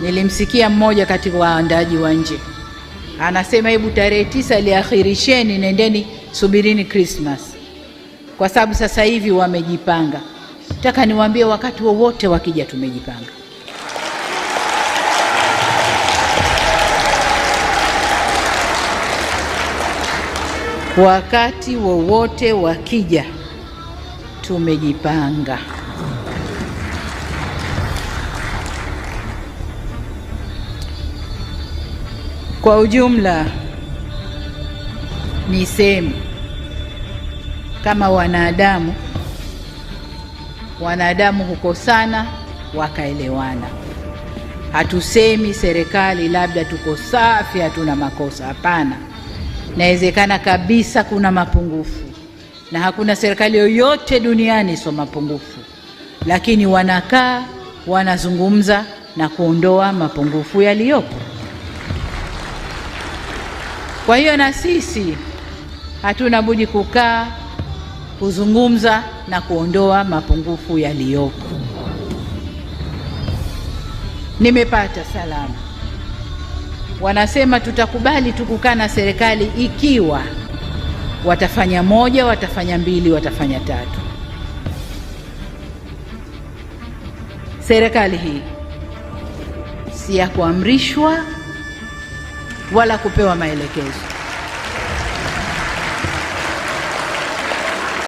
Nilimsikia mmoja kati waandaaji wa nje anasema, hebu tarehe tisa liakhirisheni, nendeni subirini Christmas kwa sababu sasa hivi wamejipanga. Nataka niwaambie, wakati wowote wakija, tumejipanga. Wakati wowote wakija, tumejipanga. Kwa ujumla niseme kama wanadamu, wanadamu hukosana wakaelewana. Hatusemi serikali labda tuko safi, hatuna makosa. Hapana, inawezekana kabisa kuna mapungufu, na hakuna serikali yoyote duniani sio mapungufu, lakini wanakaa wanazungumza na kuondoa mapungufu yaliyopo. Kwa hiyo na sisi hatuna budi kukaa kuzungumza na kuondoa mapungufu yaliyoko. Nimepata salamu wanasema tutakubali tu kukaa na serikali ikiwa watafanya moja, watafanya mbili, watafanya tatu. Serikali hii si ya kuamrishwa wala kupewa maelekezo.